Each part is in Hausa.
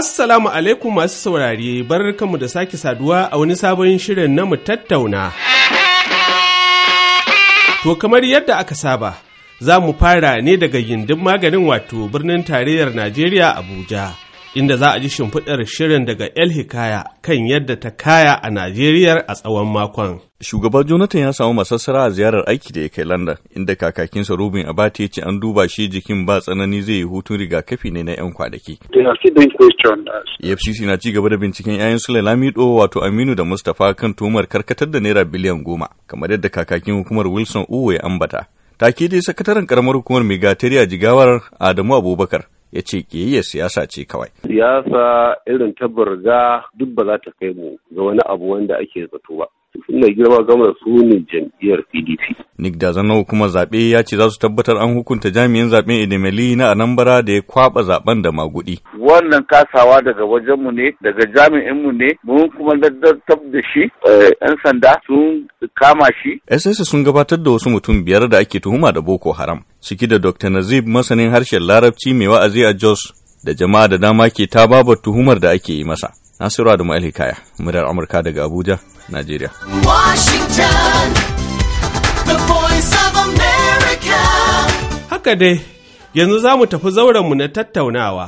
Assalamu alaikum masu saurari! bar kanmu da sake saduwa a wani sabon shirin na mu tattauna. To kamar yadda aka saba, za mu fara ne daga gindin maganin wato birnin tarayyar Najeriya Abuja. inda za a ji shimfiɗar shirin daga El Hikaya kan yadda ta kaya a Najeriya a tsawon makon. shugaban Jonathan ya samu masassara a ziyarar aiki da ya kai London, inda kakakinsa Robin Abate ya ce an duba shi jikin ba tsanani zai yi hutun rigakafi ne na 'yan kwanaki. EFCC e na ci gaba da binciken 'ya'yan Sule Lamido wato Aminu da Mustapha kan tuhumar karkatar da Naira biliyan goma, kamar yadda kakakin hukumar Wilson Uwe ya ambata. Take dai sakataren karamar hukumar Megateria Jigawar Adamu Abubakar ya ce ƙiyayyar siyasa ce kawai. Siyasa irin ta burga duk ba za ta kai mu ga wani abu wanda ake zato ba. mai girma gama su ne jam'iyyar pdp nick da kuma zaɓe ya ce za su tabbatar an hukunta jami'in zaɓen edemeli na anambra da ya kwaɓa zaɓen da maguɗi. wannan kasawa daga wajenmu ne daga jami'inmu ne mun kuma laddartab da shi eh, yan sanda sun kama shi ss sun gabatar da wasu mutum biyar da ake tuhuma da boko haram ciki da dr nazib masanin harshen larabci mai wa'azi a jos da jama'a da dama ke ta babar tuhumar da ake yi masa Nasiru Adamu Alhikaya, murar Amurka daga Abuja, Najeriya. Haka dai, yanzu za mu tafi zaurenmu na tattaunawa.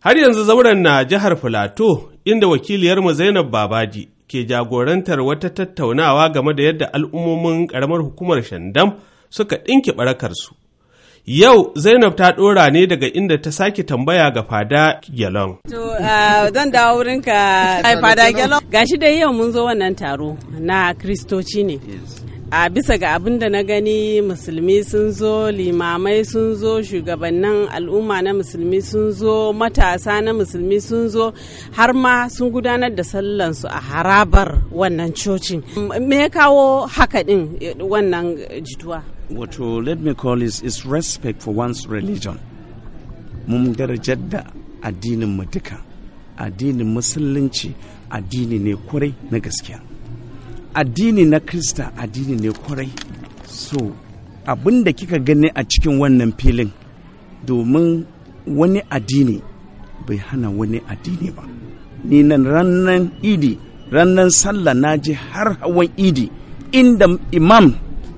Har yanzu zauren na jihar Filato, inda wakiliyarmu Zainab Babaji ke jagorantar wata tattaunawa game da yadda al'ummomin ƙaramar hukumar Shandam suka ɗinki ɓarakarsu. Yau Zainab ta ɗora ne daga inda ta sake tambaya ga fada gyalon. To, ah, zan dawo wurinka ai fada Gelon. Gashi dai yau mun zo wannan taro na Kristoci ne. A bisa ga abin da na gani musulmi sun zo, limamai sun zo, shugabannin al'umma na musulmi sun zo, matasa na musulmi sun zo, har ma sun gudanar da sallansu a harabar wannan cocin. Me ya kawo haka ɗin eh, wannan jituwa? wato let me call is is respect for one's religion mun darajar da addinin mu duka addinin musulunci addini ne kwarai na gaskiya addini na krista addini ne kwarai so abin da kika gani a cikin wannan filin domin wani addini bai hana wani addini ba ni nan ranar idi ranar sallah na ji har hawan idi inda imam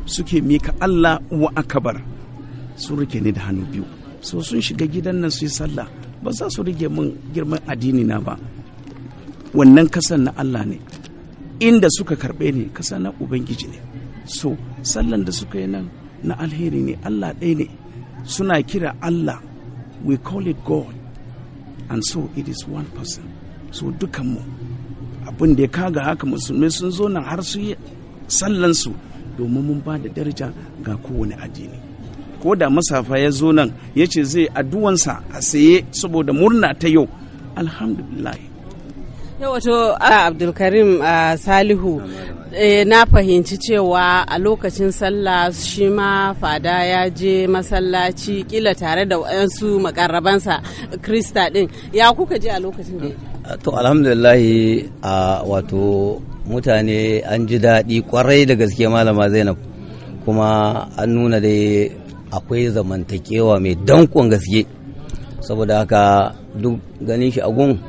suke mika Allah wa akabar sun rike ni da hannu biyu so sun shiga gidan nan su yi sallah ba za su rike min girman addini na ba wannan kasan na Allah ne inda suka karɓe ni kasa na ubangiji ne so sallan da suka yi nan na alheri ne Allah ɗaya ne suna kira Allah we call it God and so it is one person so dukanmu abin da ya kaga haka musulmai sun zo nan har su yi sallansu domin mun ba da daraja ga kowane addini ko da masafa ya zo nan ya ce zai addu'ansa a saye saboda murna ta yau alhamdulillah yau wato abdulkarim salihu eh, na fahimci cewa a lokacin sallah shi ma fada ya je masallaci kila tare da wayansu makarrabansa krista din ya kuka je a lokacin da to alhamdulillahi a wato mutane an ji daɗi kwarai da gaske malama zainab kuma an nuna dai akwai zamantakewa mai dankon gaske saboda haka duk ganin shi agun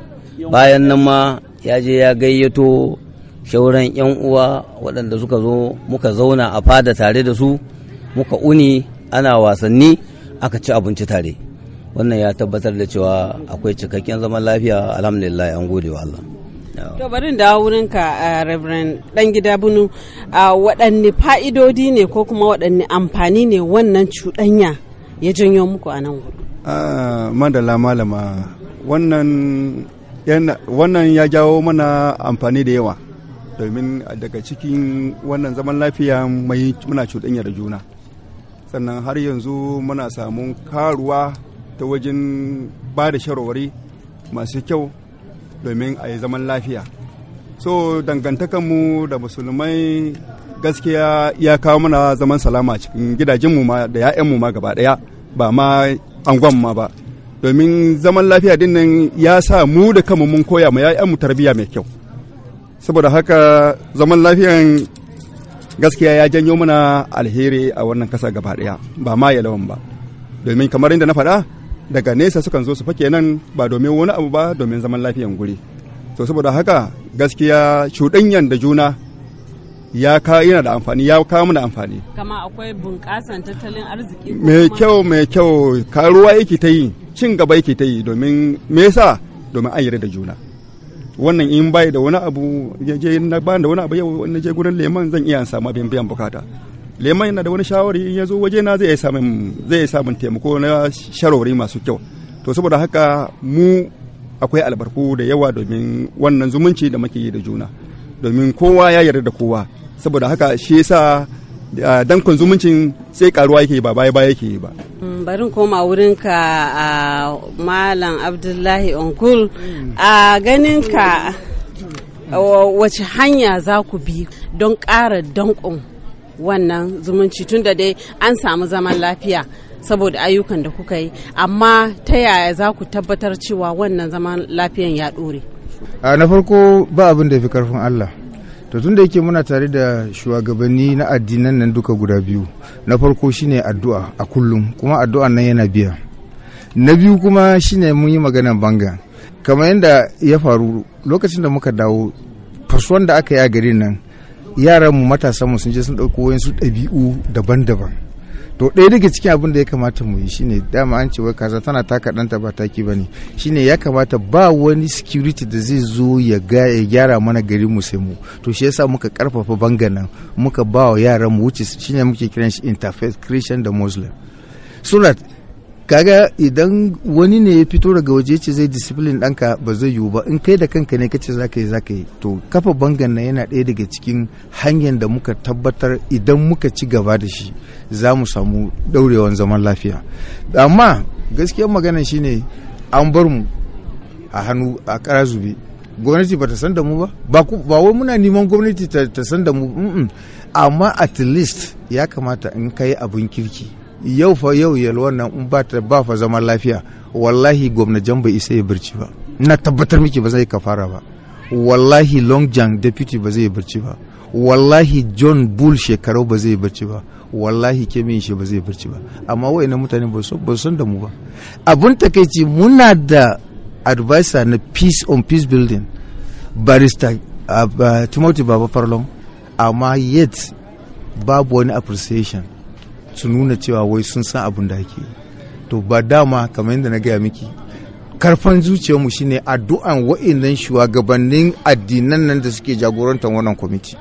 bayan nan ma ya je ya gayyato shauran 'yan uwa waɗanda suka zo muka zauna a fada tare da su muka uni ana wasanni aka ci abinci tare wannan ya tabbatar da cewa akwai cikakken zaman lafiya alhamdulillah an gode wa Allah to bari da wurin ka uh, reverend dan gida bunu uh, waɗanne fa'idodi ne ko kuma waɗanne amfani ne wannan cuɗanya ya janyo muku a nan gudu ah, madala malama wannan ya jawo mana amfani da yawa domin daga cikin wannan zaman lafiya mai muna cuɗanya da juna sannan har yanzu muna samun karuwa ta wajen ba da shawarwari masu kyau domin a yi zaman lafiya so dangantakanmu da musulmai gaskiya ya kawo mana zaman salama cikin gidajenmu ma da 'ya'yanmu ma gaba daya ba ma angon ma ba domin zaman lafiya din ya sa mu da kama mun koya ma 'ya'yanmu tarbiya mai kyau saboda haka zaman lafiyan gaskiya ya janyo mana alheri a wannan kasa gaba daya ba ma yalawan ba domin kamar inda na faɗa daga nesa sukan zo su fake nan ba domin wani abu ba domin zaman lafiyan guri to saboda haka gaskiya cuɗanyan da juna ya ka yana da amfani ya kawo mana amfani kama akwai bunƙasan tattalin arziki mai kyau mai kyau karuwa yake ta yi cin gaba yake ta yi domin me yasa domin an da juna wannan in bai da wani abu je na ba da wani abu yau na je gurin leman zan iya samu abin biyan bukata leman yana da wani shawari in ya zo waje na zai samun samun taimako na sharori masu kyau to saboda haka mu akwai albarku da yawa domin wannan zumunci da muke yi da juna domin kowa ya yarda da kowa saboda haka shi yasa dankon zumuncin sai karuwa yake ba baya baya yake ba mm, barin koma wurinka a malam abdullahi onkul a ka wace hanya za ku bi don ƙara dankon wannan zumunci tunda dai an samu zaman lafiya saboda ayyukan da kuka yi amma ta yaya za ku tabbatar cewa wannan zaman lafiyan ya ɗore a na farko ba abin da fi karfin allah to tun da yake muna tare da shugabanni na addinan nan duka guda biyu na farko shine addu'a a kullum kuma addu'a nan yana biya na biyu kuma shine mun yi maganan banga kamar yadda ya faru lokacin da muka dawo fasuwan da aka yi a garin nan yaran mu matasan mu sun je sun ɗauko wayansu dabi'u daban-daban to ɗaya daga cikin abin da ya kamata mu yi shine dama an ce wai kaza tana taka ɗanta ba taki ba ne shine ya kamata ba wani security da zai zo ya gyara mana gari mu sai mu to shi yasa muka karfafa banganan muka ba wa yaran mu wuce shine muke kiran shi interfaith christian da muslim so kaga idan wani ne ya fito daga waje ce zai discipline ɗanka ba zai yiwu ba in kai da kanka ne kace zaka yi zaka yi to kafa bangan nan yana ɗaya daga cikin hanyar da muka tabbatar idan muka ci gaba da shi za mu samu ɗaurewan zaman lafiya amma gaskiyar magana shine an bar mu a hannu a ƙara zube gwamnati ba ta san da mu ba ba wai muna neman gwamnati ta san da mu amma at least ya kamata in kai abin kirki yau fa yau yal wannan in ba ta ba fa zaman lafiya wallahi jan bai isa ya birci ba na tabbatar miki ba zai kafara ba wallahi long jang deputy ba zai birci ba wallahi john bull shekaru ba zai birci ba wallahi kemin shi ba zai birci ba amma na mutane ba su san da mu ba abun takeici muna da advisor na peace on peace building barista uh, uh, timothy baba farlon amma yet babu wani appreciation su nuna cewa wai sun san abin da ake to ba dama kamar yadda na gaya miki karfan zuciyarmu shine addu'an wa'annan shugabannin addinan nan da suke jagorantar wannan kwamiti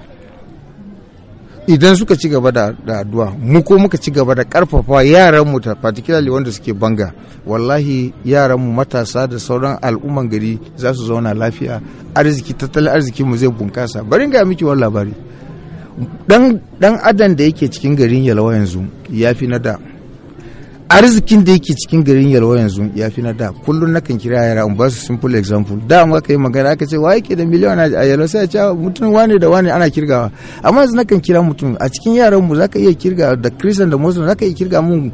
idan suka ci gaba da addu'a mu ko muka ci gaba da karfafa yaranmu particularly wanda suke banga wallahi yaranmu matasa da sauran al'umman gari za su zauna lafiya arziki tattalin arzikinmu zai bunkasa bari ga miki wani labari dan adam da yake cikin garin yalwa yanzu ya fi na da arzikin da yake cikin garin yalwa yanzu ya fi na da kullum na kan kira yara in ba su simple example da mu ka yi magana aka ce wa ke da miliyan a yalwa sai a ce ah, mutum wane da wane ana kirgawa amma yanzu na kan kira mutum a cikin yaran mu zaka iya kirga da christian da muslim zaka iya kirga mun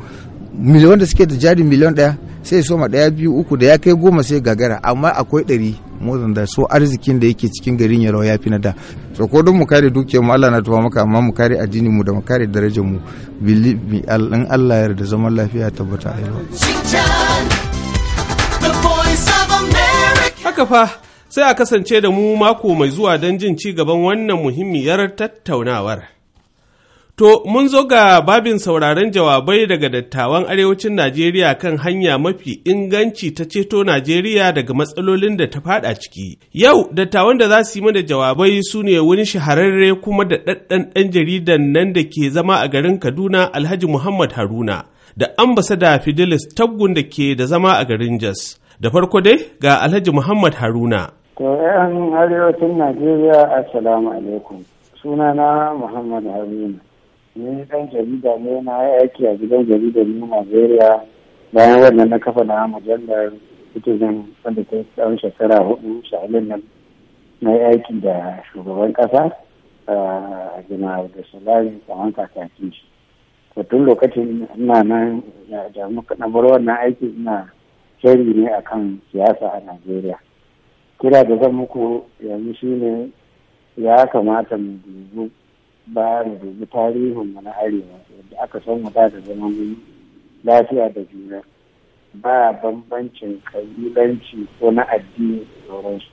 miliyon da suke da jari miliyon daya sai soma daya biyu uku da ya kai goma sai gagara amma akwai ɗari mozan da so arzikin da yake cikin garin yaro ya fi na da so ko don mu kare dukiyar mu Allah na tuba maka amma mu kare addinin mu da mu kare darajar mu in Allah yarda zaman lafiya tabbata a yau haka fa sai a kasance da mu mako mai zuwa don jin ci gaban wannan muhimmiyar tattaunawar To, mun zo ga babin sauraron jawabai daga dattawan arewacin Najeriya kan hanya mafi inganci ta ceto Najeriya daga matsalolin da ta fada ciki. Yau, dattawan da za su yi mana jawabai su ne wani shahararre kuma da ɗaɗɗan ɗan jaridan nan da ke zama a garin Kaduna Alhaji Muhammad Haruna, da ambasada Fidelis Tabgun da ke da zama a garin Jos. Da farko dai ga Alhaji Muhammad Haruna. arewacin Najeriya, Assalamu alaikum. Sunana Muhammad Haruna. ni dan jarida ne na aiki a gidan jarida ne Najeriya bayan wannan na kafa na mujallar citizen wanda ta tsawon shekara hudu sha'alin nan na aiki da shugaban kasa a gina da sulari kamar kakakin shi to tun lokacin ina nan da na bar wannan aiki ina shari ne akan siyasa a Najeriya kira da zan muku yanzu shine ya kamata mu dubu ba da tarihin mu na arewa yadda aka san mu da zaman lafiya da juna ba bambancin kabilanci ko na addini da sauransu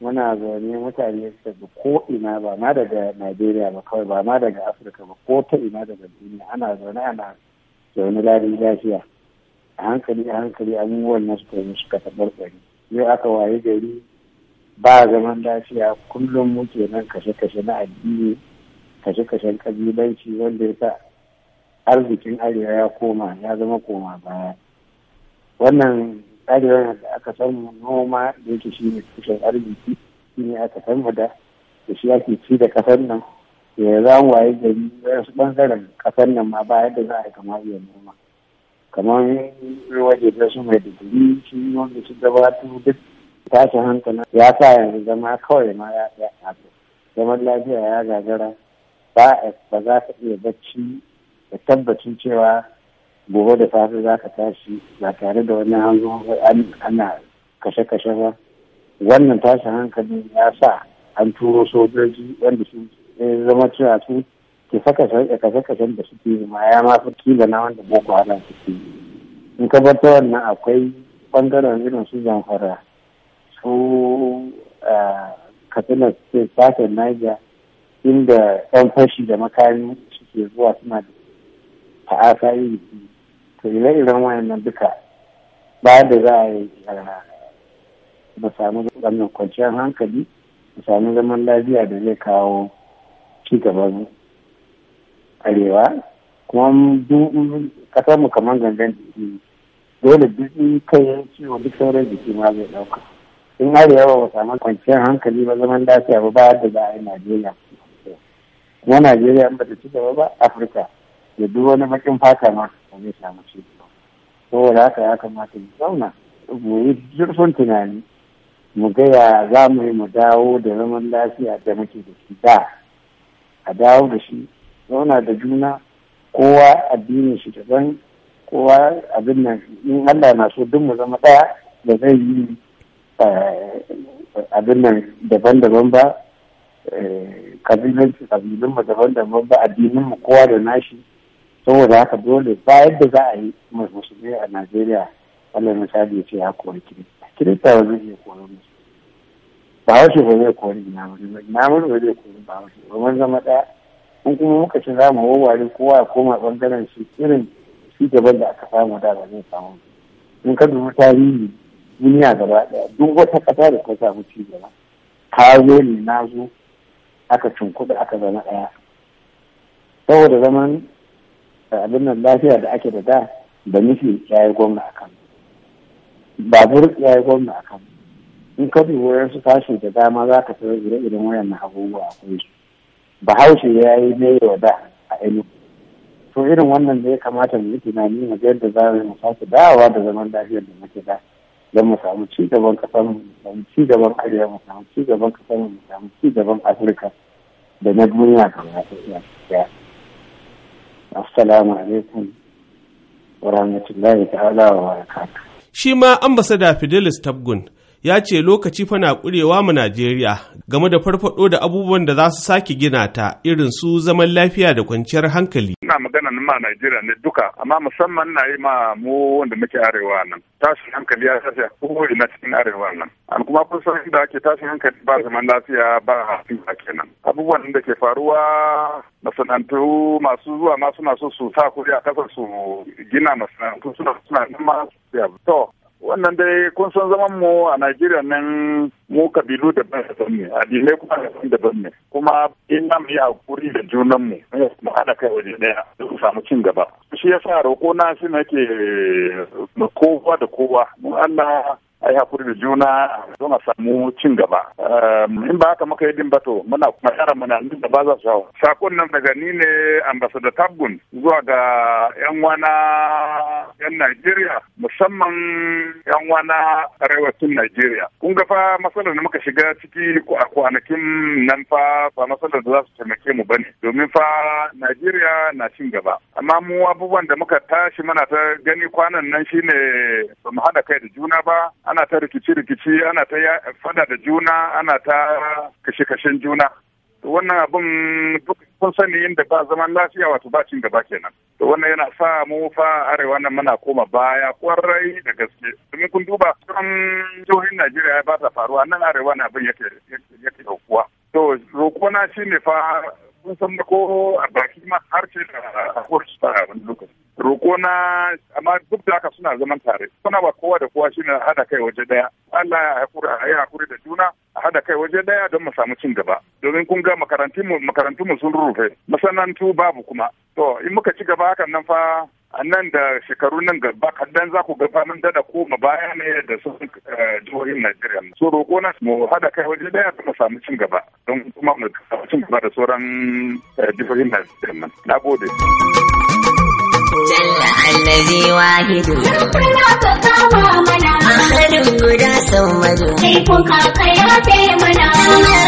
muna zaune mutane daga ko ina ba ma daga najeriya ba kawai ba ma daga afirka ba ko ta ina daga duniya ana zaune ana zaune lari lafiya a hankali a hankali an na suka yi suka tabarbare yau aka waye gari ba zaman lafiya kullum muke nan kashe-kashe na addini kashe-kashen kabilanci wanda ya sa arzikin arewa ya koma ya zama koma baya wannan arewa da aka samu noma da yake shi ne arziki shi ne aka samu da da shi ake ci da kasar nan ya za mu waye gari wasu bangaren kasar nan ma baya da za a yi kama iya noma kamar waje da su mai digiri shi wanda su gabatu duk tashin hankalin ya sa yanzu zama kawai ma ya zaman lafiya ya gagara ba za ka iya bacci da tabbacin cewa gobe da safe za ka tashi ba tare da wani hanzo ana kashe-kashe ba wannan tashin hankali ya sa an turo sojoji wanda su zama cewa su ke kashe-kashen da suke ma ya ma fi kila na wanda boko haram suke in ka bar ta wannan akwai bangaren irin su zamfara su eh, katsina state sashen niger inda yan fashi da makami suke zuwa suna da ta'asa iri to ire wayan wayannan duka Ba da za a yi ba samu wannan kwanciyar hankali ba samu zaman lafiya da zai kawo ci gaban arewa kuma kasar mu kamar gangan jiki dole duk kai ya wa duk sauran jiki ma zai dauka in arewa ba samu kwanciyar hankali ba zaman lafiya ba ba da za a yi najeriya kuma najeriya in bata ci gaba ba afirka da duk wani bakin fata ma ba zai samu ci gaba saboda haka ya kamata mu zauna mu yi zurfin tunani mu gaya za mu yi mu dawo da zaman lafiya da muke da shi da a dawo da shi zauna da juna kowa addinin shi daban kowa abin nan in Allah na so duk mu zama ɗaya da zai yi eh, abin nan daban-daban ba kabilanci kabilun mu daban-daban ba addinin mu kowa da nashi saboda haka dole ba yadda za a yi musulmi a najeriya wannan misali ya ce ya kori kirista kirista ba zai iya kori musu ba wasu ba zai kori ina wuri ba ina wuri ba zai kori ba wasu ba wani zama ɗaya in kuma muka ci za mu wawware kowa ya koma ɓangaren shi irin shi gaban da aka samu da ba zai samu in ka dubi tarihi duniya gaba ɗaya duk wata ƙasa da ta samu ci gaba ka zo ne na zo aka kuɗi aka zama ɗaya saboda zaman eh, abin nan lafiya da ake da da da nufi ya yi gwamna akan babur ya yi gwamna akan in ka bi wurin su tashi da dama za ka tsaye ire-iren wayan abubuwa a kai su bahaushe ya yi ne da a ilu to irin wannan da ya kamata mu yi tunani mu ga da za mu sake dawowa da zaman lafiyar da muke da don mu samu ci gaban kasar mu samu ci gaban arewa mu samu ci gaban kasar mu samu ci gaban afirka da na duniya kamar ɗaya. Assalamu alaikum wa ta ta'ala wa barakatuh. Shi ma ambasada Fidelis Tabgun ya ce lokaci fana kurewa mu Najeriya game da farfaɗo da abubuwan da za su sake gina ta irin su zaman lafiya da kwanciyar hankali. Ina magana ma Najeriya ne duka amma musamman na yi ma mu wanda muke arewa nan. Tashin hankali ya tashi kowai na cikin arewa nan. An kuma kun san inda ake tashin hankali ba zaman lafiya ba ake kenan. Abubuwan da ke faruwa masana'antu masu zuwa ma suna so su sa kuri a kasar su gina masana'antu suna suna nan ma. To wannan dai kun san zaman mu a Najeriya nan mu kabilu daban daban ne addinai kuma da ban ne kuma in na mu yi hakuri da junan mu mu haɗa kai waje ɗaya mu samu cin gaba shi yasa roƙo na shi nake kowa da kowa mu Allah ai hakuri da juna don a samu cin gaba ehm, in ba haka muka yi din ba to muna kuma muna nan da ba za su hawa sakon nan daga ni ne ambasada tabgun zuwa ga yan wana yan Najeriya musamman yan wana arewacin Najeriya kun ga fa matsalar da muka shiga ciki a kwanakin nan fa ba matsalar da za su taimake mu bane domin fa Najeriya na cin gaba amma mu abubuwan da muka tashi muna ta gani kwanan nan shine ba mu hada kai da juna ba ana ta rikici-rikici ana ta fada da juna ana ta kashe-kashen juna to wannan abin duk kun sani inda ba zaman lafiya wato ba cin gaba kenan to wannan yana sa mu fa arewa nan muna koma baya kwarai da gaske domin kun duba kan jihohin Najeriya ba ta faruwa nan arewa na abin yake yake aukuwa to na shine fa kun san ko a baki ma har ce da a wani lokaci roko na amma duk da haka suna zaman tare suna ba kowa da kowa shine hada kai waje daya Allah ya haƙura a yi haƙuri da juna a hada kai waje daya don mu samu cin gaba domin kun ga makarantun mu sun rufe masanantu babu kuma to in muka ci gaba hakan nan fa a nan da shekaru nan gaba kadan za ku gaba da dada koma baya ne da sun eh, jihohin Najeriya so roko na mu hada kai waje daya don mu samu cin gaba don kuma mu samu cin gaba da sauran eh, jihohin Najeriya na gode. alhaji wahidu a harin guda sau kaka ya fe mana ya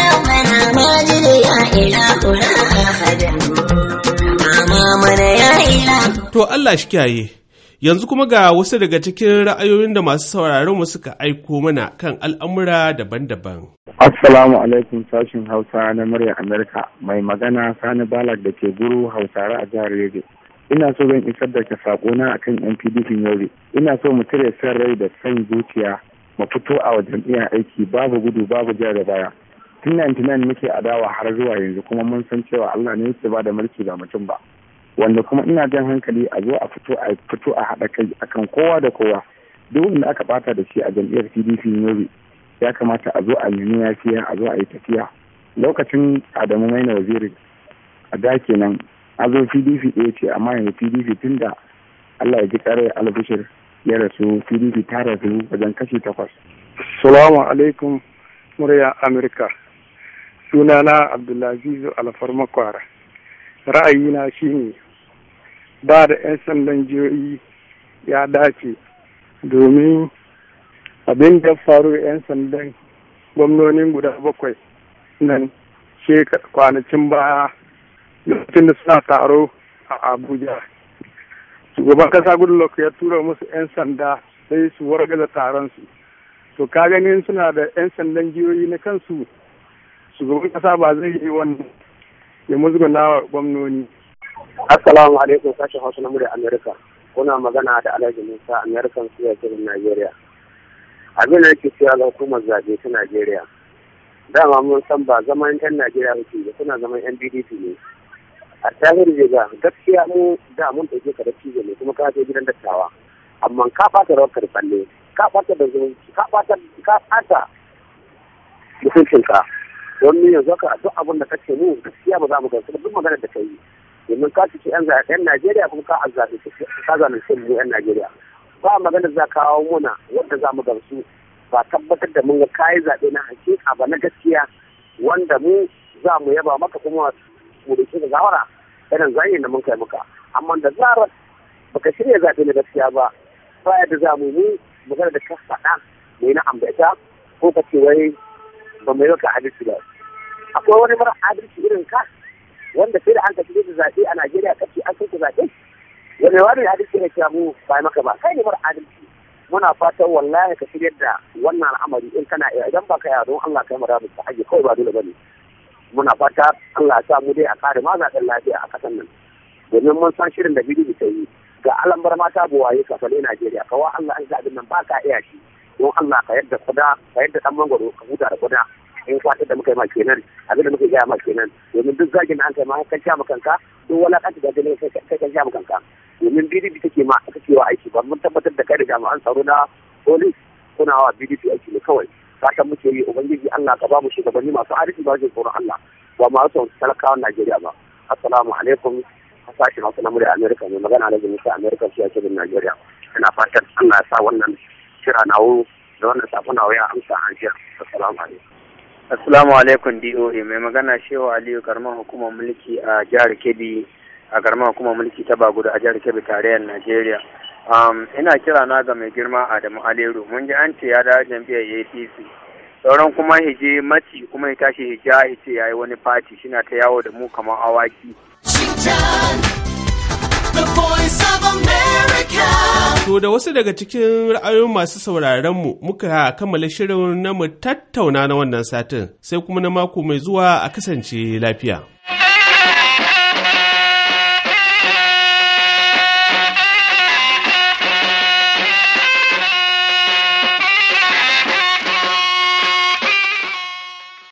rabbana ya ahadin mama mana ya ila. to Allah shi kiyaye Yanzu kuma ga wasu daga cikin ra'ayoyin da masu sauraron mu suka aiko mana kan al'amura daban-daban. Assalamu alaikum sashin Hausa na murya Amerika mai magana Sani Balak da ke guru Hausare a jihar Yobe. ina so zan isar da ka sakona akan yan pdp yauri ina so mu cire san rai da san zuciya mu fito a wajen iya aiki babu gudu babu ja da baya tun 99 muke adawa har zuwa yanzu kuma mun san cewa allah ne yake ba da mulki ga mutum ba wanda kuma ina jan hankali a zo a fito a fito a haɗa kai akan kowa da kowa duk wanda aka bata da shi a jam'iyyar pdp yauri ya kamata a zo a nemi yafiya a zo a yi tafiya lokacin adamu maina waziri a da kenan a zo pdp ɗaya ce amma yanzu pdp tun da allah ya ji ƙarar albishir ya rasu pdp ta rasu wajen kashi takwas salamu alaikum murya amurka sunana abdulaziz na ra'ayina shine ba da 'yan sandan jihohi ya dace domin abin da faru 'yan sandan gwamnonin guda bakwai nan shekar kwanacin baya lokacin da suna taro a abuja shugaban kasa goodluck ya tura musu 'yan sanda sai su wargaza taron su to ka ganin suna da 'yan sandan jiyoyi na kansu shugaban kasa ba zai yi wannan ya musguna wa gwamnoni assalamu alaikum sashen hausa na murya amerika kuna magana da alhaji musa su ya kirin najeriya abin da yake cewa ga hukumar zaɓe ta najeriya dama mun san ba zaman yan najeriya suke ba suna zaman yan pdp ne a tsarin da ga gaskiya mu da mun ɗauke ka da cizo ne kuma ka je gidan dattawa amma ka fata rawar karfalle ka fata da zumunci ka fata ka fata ka don yanzu ka duk abin da kace mu gaskiya ba za mu gamsu duk maganar da kai domin ka ci yan yan Najeriya kuma ka azzabi ka zalunci mu yan Najeriya ba maganar za ka kawo muna wanda za mu gamsu ba tabbatar da mun ga kai zaɓe na hakika ba na gaskiya wanda mu za mu yaba maka kuma mu da ke da gawara irin zagin da mun kai muka amma da zarar baka shirya zaɓe na gaskiya ba baya da zamu mu magana da ka faɗa mai na ambata ko ka ce wai ba mai maka adalci ba akwai wani mara adalci irin ka wanda sai da an kashi da zaɓe a Najeriya kace an kai zaɓe wani wani adalci ne kira mu ba maka ba kai ne mara adalci muna fatan wallahi ka shirya da wannan al'amari in kana iya idan ba ka yaro Allah kai mara ba aje kawai ba dole bane muna fata Allah sa mu dai a kare ma mazaɗin lafiya a ƙasar nan domin mun san shirin da bidiyo ta yi ga bar mata buwaye kafale Najeriya kawa Allah an zaɓi nan ba ka iya shi don Allah ka yadda kuda ka yadda ɗan mangwaro ka huta da kuda in kwatar da muka yi ma kenan abin da muka gaya ma kenan domin duk zagin da an kai ma kan sha kanka duk kan da gani kai kan sha kanka domin bdp take ma aka cewa aiki ba mun tabbatar da kai da jami'an tsaro na police kuna wa bdp aiki ne kawai fatan muke yi ubangiji Allah ka ba mu shugabanni masu arziki ba jin tsoron Allah ba ma son talakawan Najeriya ba assalamu alaikum sashen Hausa na Amerika mai magana da Musa Amerika shi yake bin Najeriya ina fatan Allah ya sa wannan kira nawo da wannan sako na ya amsa an jiya assalamu alaikum assalamu alaikum DOA mai magana Shehu Aliyu karamar hukumar mulki a jihar Kebbi a garman hukumar mulki ta Bagudu a jihar Kebbi tarayyar Najeriya Um, ina kira na ga mai girma Adamu Aleru mun ji an ce ya da jam'iyyar APC sauran kuma hije maci kuma ya tashi hija ya ya yi wani fati shina ta yawo da mu kamar awaki. To da wasu daga cikin ra'ayoyin masu sauraron mu muka kammala shirin na mu tattauna na wannan satin sai kuma na mako mai zuwa a kasance lafiya.